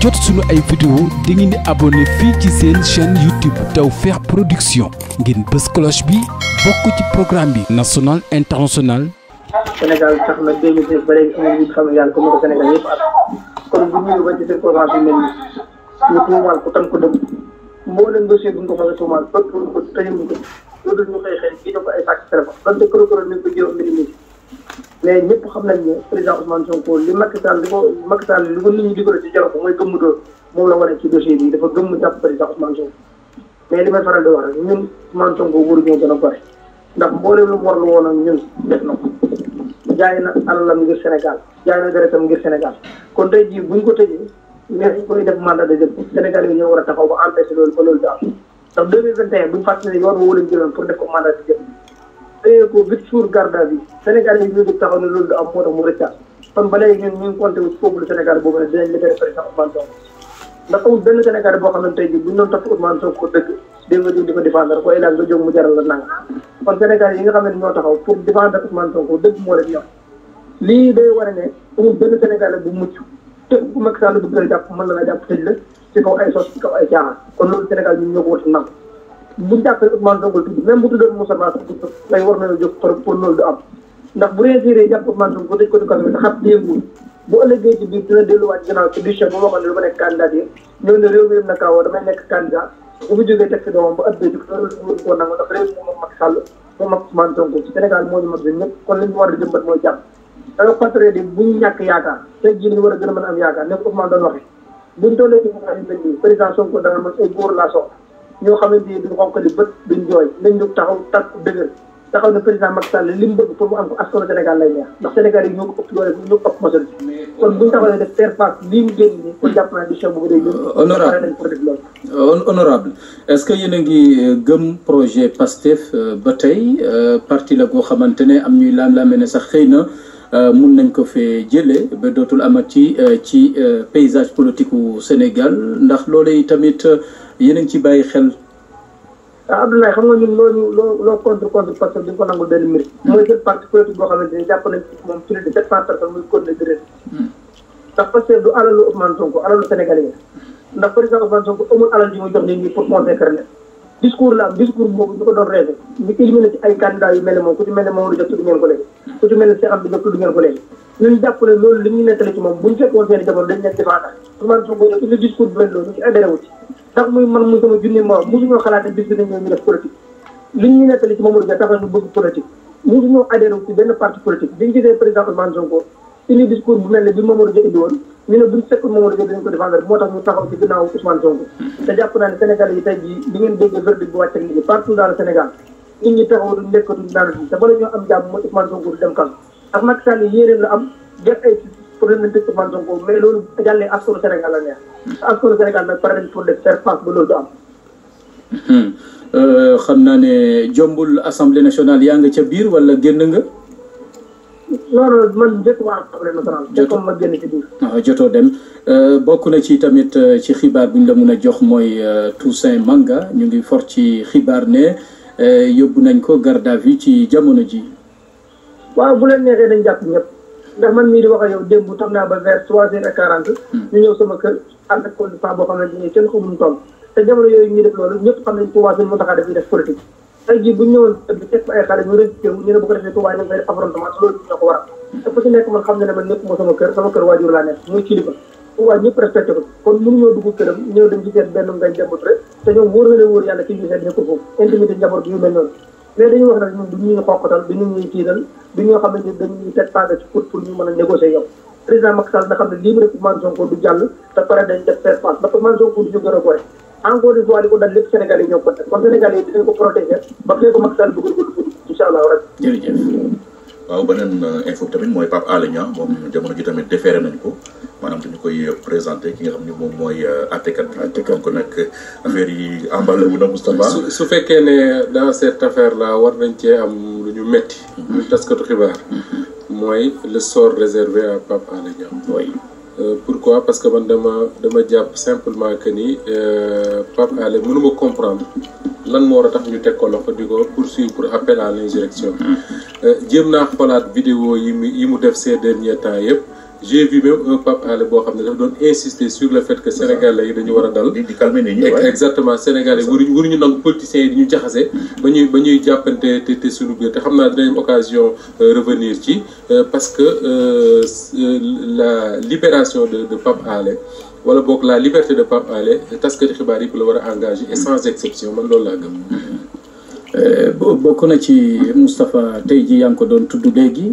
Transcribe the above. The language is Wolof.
jot suñu ay vidéo da ngeen di abonné fii ci seen chaîne YouTube Tawfekh Production ngeen bës cloche bi bokk ci programme bi national international Sénégal tax na 2019 ba léegi amul wut familial comme ko Sénégal yëpp ak kon bu ñu ba ci circonstance yu mel ni ñu tuumaal ko tan ko dëgg mboolem dossier bu ñu ko mën a tuumaal ëpp ko tëjuñ ko loolu ñu xëy xëy fii da ko ay sàcc téléphone donte kërokëro nañ ko jéem a mais ñëpp xam nañ ne président Ousmane Sonko li Macky Sall li ko Macky Sall li ko nit ñi dugal ci jarab mooy gëmm moom la wane ci dossier dafa gëmm jàpp président Ousmane Sonko mais li may faral di wax rek ñun Ousmane Sonko waruñoo gën a gore ndax mboolem lu mu war lu woon ak ñun def na ko jaay na alalam ngir Sénégal jaay na deretam ngir Sénégal kon tey jii buñ ko tëjee mais koy def mandat de dépôt Sénégal yi ñoo war a taxaw ba empêché loolu ba loolu du am ndax 2021 buñ fàttali ne yoon woo leen jëloon pour def ko mandat dañoo ko huit jours garda bi Sénégal yi ñu ngi taxaw ne loolu du am moo tax mu rëccaat kon ba léegi ñun ñu ngi compté wu peuple Sénégal boobu ne bu ñu doon topp Ousmane Sonko dëgg dégg nga jóg di ko défendre ko élan nga jóg mu jaral la nang kon yi nga xam ne ñoo taxaw pour défendre Ousmane Sonko dëgg moo leen ñor lii day war a ne amul benn Sénégal bu mucc te ku Macky Sall bu la jàpp man la la jàpp tëj la ci kaw ay sos ay caaxaan kon loolu Sénégal ñun ñoo ko war a bu jàppee Ousmane Sonko tudd même bu tuddoon Moussa Ba tudd tey war nañoo jóg trop pour loolu du am ndax bu réussiree yi ñëw ne réew mi yëpp moo a jëmbat mooy jàpp danga patriote yi bu ñu ñàkk yaakaar tey jii ñu war a gën a mën a ko danga mën ay góor laa soxla ñoo xamante ni duñ xonk li bët duñ jooy nañ ñu taxaw takku dëgër taxaw ne président Macky Sall li mu bëgg pour mu am ko askanu Sénégal lay neex ndax Sénégal yi ñoo ko ëpp doole def faire face lii mu génn nii kon jàpp euh, pour def euh, honorable est-ce que yéen ngi euh, gëm projet PASTEF ba tey parti la goo xamante ne am ñuy laam-laame ne sax xëy na Euh, mun nañ ko fee jële ba dootul amati euh, ci ci euh, paysage politique wu Sénégal ndax loolu tamit yéen a ci bàyyi xel. ah Abdoulaye xam nga ñun loo ñu loo loo contre contre parce que duñ ko nangul benn mbir. Hmm. mooy seen parti jàpp nañ moom plus de sept cent personnes muy continuer di réer. ndax parce que du alalu Ousmane hmm. alal ji muy jox nit ñi pour consacrer leen. discours la am discours boobu ñu ko doon rêvé ñu éliminé ci ay candidats yu mel ne moom ku ci mel moom lu jot ci du ko léegi. ku ci mel ne Cheikh Abdou tudd ngeen ko léegi ñun jàpp ne loolu li ñu nettali ci moom buñu fekkoon seen jamono dañ leen def indi discours bu mel loolu ci adhéré wu ci ndax muy man muy sama junni moom mosuñoo xalaate bis bi ñu def politique li ñu tax ñu bëgg ci benn parti politique dañ gisee président Ousmane Sonko indi discours bu mel bi Mamadou ñu ne buñ fekkoon Mamadou Dia moo tax ñu taxaw ci ginnaaw Ousmane Sonko te jàpp naa ne Sénégal yi tey jii li ngeen dégg bu wàcce nit ñi nit ñi taxawuñu nekkatuñu naan te bala ñoo am jàmm dem kan ak Macky Sall am def ay problème lañ teg Ousmane Sonko mais loolu jàllee askanu Sénégal la neex askanu hmm. euh, naa ne jombul assemblée nationale yaa nga ca biir wala génn nga. non non man jotuma ma génn ah, jotoo dem euh, bokk na ci tamit euh, ci xibaar bu la mun a jox mooy Toussaint Manga ñu ngi for ci xibaar ne. Eh, yóbbu nañ ko garde à ci jamono ji waaw bu leen neexee dañ jàpp ñëpp ndax man mii di wax ak yow démb toog naa ba vers trois heures et quarante hmm. ñu ñëw sama kër ak kon fa boo ne diñu kenn xamul toll te xam nañ Touba seen moo taxaa def def politique tey jii bu ñu ñëwoon bi teg fa ay xale ñu résister ñu ne bu ko defee Touba hmm. nekk man xam ne ne man ñëpp moo sama kër sama kër waajur laa nekk muy kilifa pouvoir ñëpp respecté ko kon mënuñoo dugg këram ñëw dem ci seen benn ngañ jambot rek te ñoom wóor na wóor yàlla ci ñu seen nekko foofu intimité njaboot yu mel noonu mais dañu xam ne dañuy teg paga ci du jàll te pare dañ def faire face parce que Ousmane Sonko du ñu gën a encore une fois li lépp Sénégalais yi ñoo ko def yi dinañ ko protéger ba fee ko Macky Sall bëgg ko dugg allah rek jërëjëf waaw beneen euh, info tamit mooy Pape Alé Niang moom jamono ji tamit déféré maanaam dañu koy présenté ki nga xam ne moom mooy àttekat bi. ko donc nag affaire yi emballé wu na Moustapha. su su fekkee ne dans cette affaire là war nañ cee am lu ñu métti. lu mm-hmm. taskatu xibaar. Mm-hmm. mooy le sor réservé à Pape Alé Niang. oui euh, parce que man dama dama jàpp simplement que ni euh, Pape Alé mënuma comprendre. lan moo war a tax ñu teg ko loxo di ko poursuivre pour appel à l' insurrection. Mm-hmm. Euh, jéem naa xoolaat vidéo yi mu yi mu def ces derniers temps yëpp. j'ai vu même boo xam ne dafa doon insister sur le fait que sénégalais yi dañu war a dal. di calmer nit ñi exactement sénégalais waruñu waruñu nangu politiciens yi di ñu jaxase. Mm. ba ñuy ba ñuy jàppante te te suñu biir te xam naa dinañ occasion euh, revenir ci euh, parce que euh, la libération de de Pape Alé wala boog la liberté de Pape Alé taskati xibaar yëpp la war a engagé et sans exception man loolu laa gëm. Mm. bokk na ci Moustapha tey ji yaa ko doon tudd léegi.